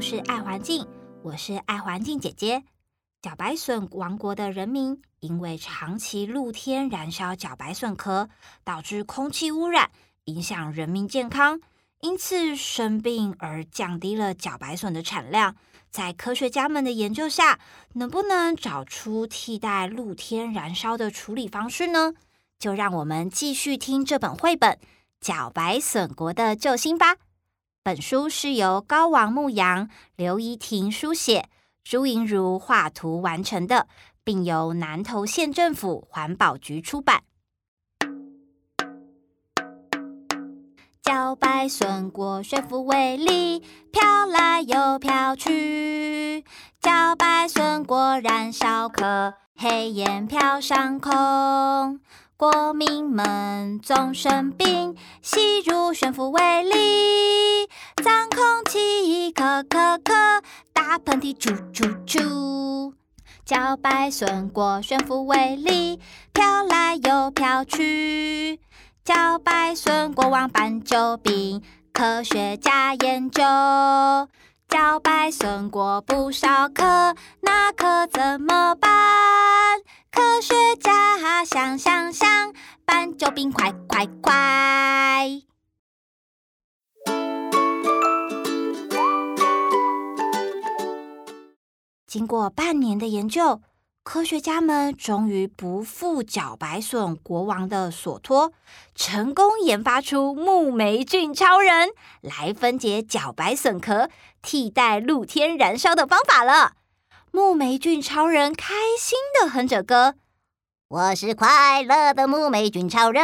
是愛環境，我是愛環境姐姐。茭白筍王國的人民因為長期露天燃燒茭白筍殼，導致空氣污染，影響人民健康，因此生病而降低了茭白筍的產量。在科學家們的研究下，能不能找出替代露天燃燒的處理方式呢？就讓我們繼續聽這本繪本《茭白筍國的救星》吧。本書是由高王牧羊、劉一婷書寫，朱瑩如畫圖完成的，並由南投縣政府環保局出版。茭白筍過水浮為力，飄來又飄去。茭白筍果燃燒可。黑煙飄上空，國民們總生病，吸入懸浮微粒，髒空氣一顆顆顆大噴嚏出出出，小白筍果懸浮微粒飄來又飄去，小白筍國王搬救兵，科學家研究。茭白勝過不少課，那可怎麼辦？科學家想、啊、想想，搬救兵快快快！經過半年的研究。科學家們終於不負茭白筍國王的所托，成功研發出木霉菌超人來分解茭白筍殼，替代露天燃燒的方法了。木霉菌超人開心的哼着歌。我是快樂的木霉菌超人，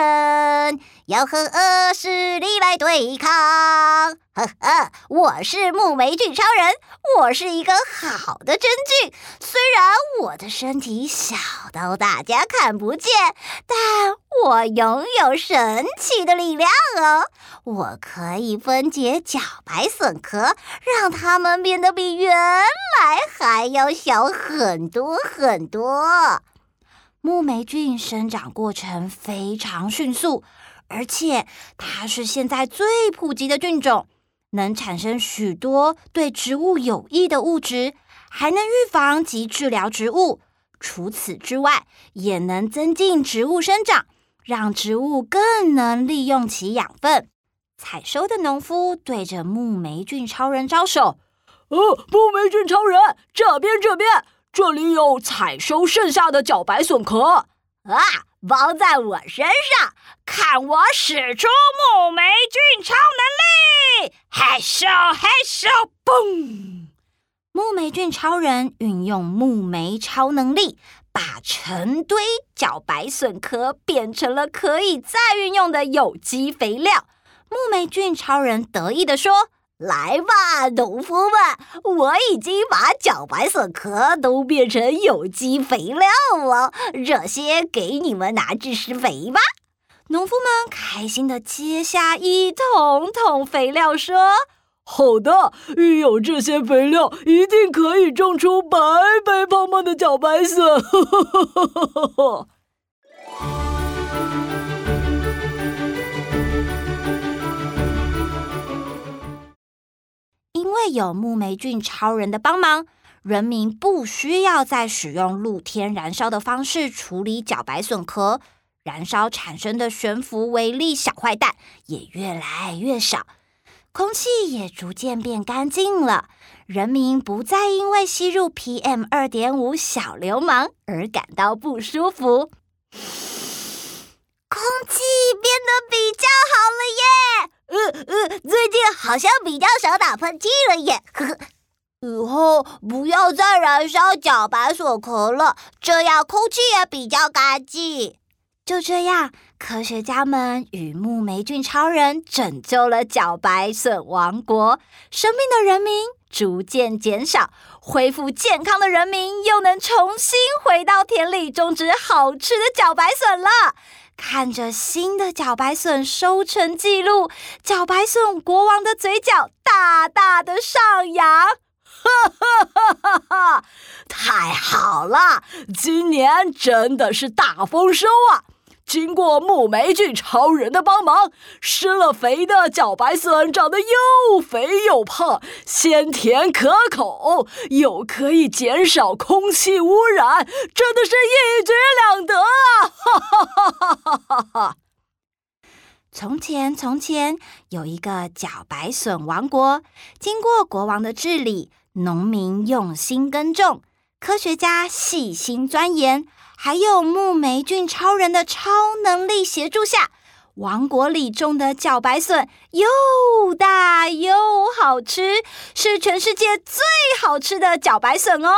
要和惡勢力來對抗。呵呵，我是木霉菌超人，我是一個好的真菌。雖然我的身體小到大家看不見，但我擁有神奇的力量哦。我可以分解茭白筍殼，讓它們變得比原來還要小很多很多。木黴菌生長過程非常迅速，而且它是現在最普及的菌種，能產生許多對植物有益的物質，還能預防及治療植物。除此之外，也能增進植物生長，讓植物更能利用其養分。採收的農夫對着木黴菌超人招手：“哦，木黴菌超人，這邊，這邊。”這裡有採收剩下的茭白筍殼啊，包在我身上！看我使出木黴菌超能力，嘿咻嘿咻，嘣！木黴菌超人運用木黴超能力，把成堆茭白筍殼變成了可以再運用的有機肥料。木黴菌超人得意地說。來吧，農夫們！我已經把茭白筍殼都變成有機肥料了，這些給你們拿去施肥吧。農夫們開心的接下一桶桶肥料，說：“好的，有這些肥料，一定可以種出白白胖胖的茭白筍。 ”有木黴菌超人的幫忙，人民不需要再使用露天燃燒的方式處理茭白筍殼，燃燒產生的懸浮微粒小壞蛋也越來越少，空氣也逐漸變乾淨了，人民不再因為吸入 PM 二點五小流氓而感到不舒服。好像比較少打噴嚏了耶，呵呵，以後不要再燃燒茭白筍殼了，這樣空氣也比較乾淨。就這樣，科學家們與木黴菌超人拯救了茭白筍王國，生命的人民。逐漸減少，恢復健康的人民，又能重新回到田裡種植好吃的茭白筍了。看着新的茭白筍收成記錄，茭白筍國王的嘴角大大的上揚，哈哈哈哈哈！太好了，今年真的是大豐收啊！經過木黴菌超人的幫忙，施了肥的茭白筍長得又肥又胖，鮮甜可口，又可以減少空氣污染，真的是一舉兩得啊！哈哈哈哈哈哈。從前，從前有一個茭白筍王國，經過國王的治理，農民用心耕種。科學家細心鑽研，還有木黴菌超人的超能力協助下，王國裡種的茭白筍又大又好吃，是全世界最好吃的茭白筍哦。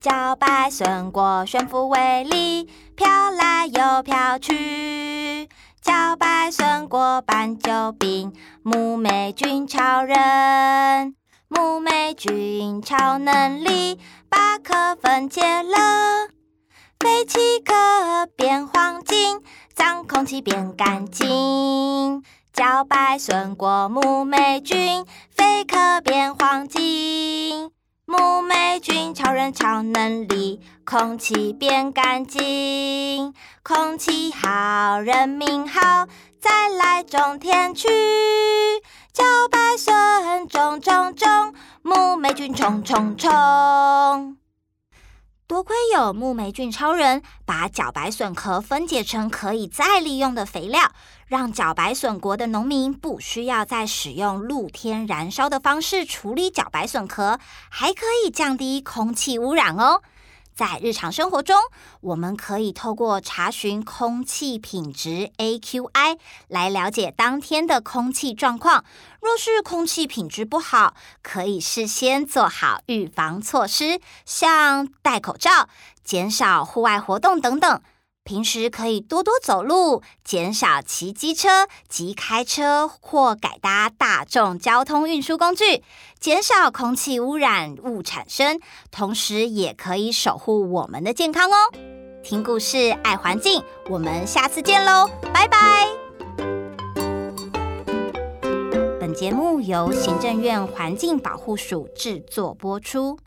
茭白筍果懸浮威力，飄來又飄去；茭白筍果搬救餅木黴菌超人。木霉菌超能力，把殼分解了，廢棄殼變黃金，髒空氣變乾淨。茭白筍過木霉菌，廢殼變黃金。木黴菌超人超能力，空氣變乾淨，空氣好，人民好，再來種田去，小白鼠種種種，木黴菌衝衝衝。衝衝多虧有木黴菌超人，把茭白筍殼分解成可以再利用的肥料，讓茭白筍國的農民不需要再使用露天燃燒的方式處理茭白筍殼，還可以降低空氣污染哦。在日常生活中，我們可以透過查詢空氣品質 AQI 來了解當天的空氣狀況。若是空氣品質不好，可以事先做好預防措施，像戴口罩、減少戶外活動等等。平時可以多多走路，減少騎機車及開車或改搭大眾交通運輸工具，減少空氣污染物產生，同時也可以守護我們的健康哦。聽故事愛環境，我們下次見嘍，拜拜。本節目由行政院環境保護署制作播出。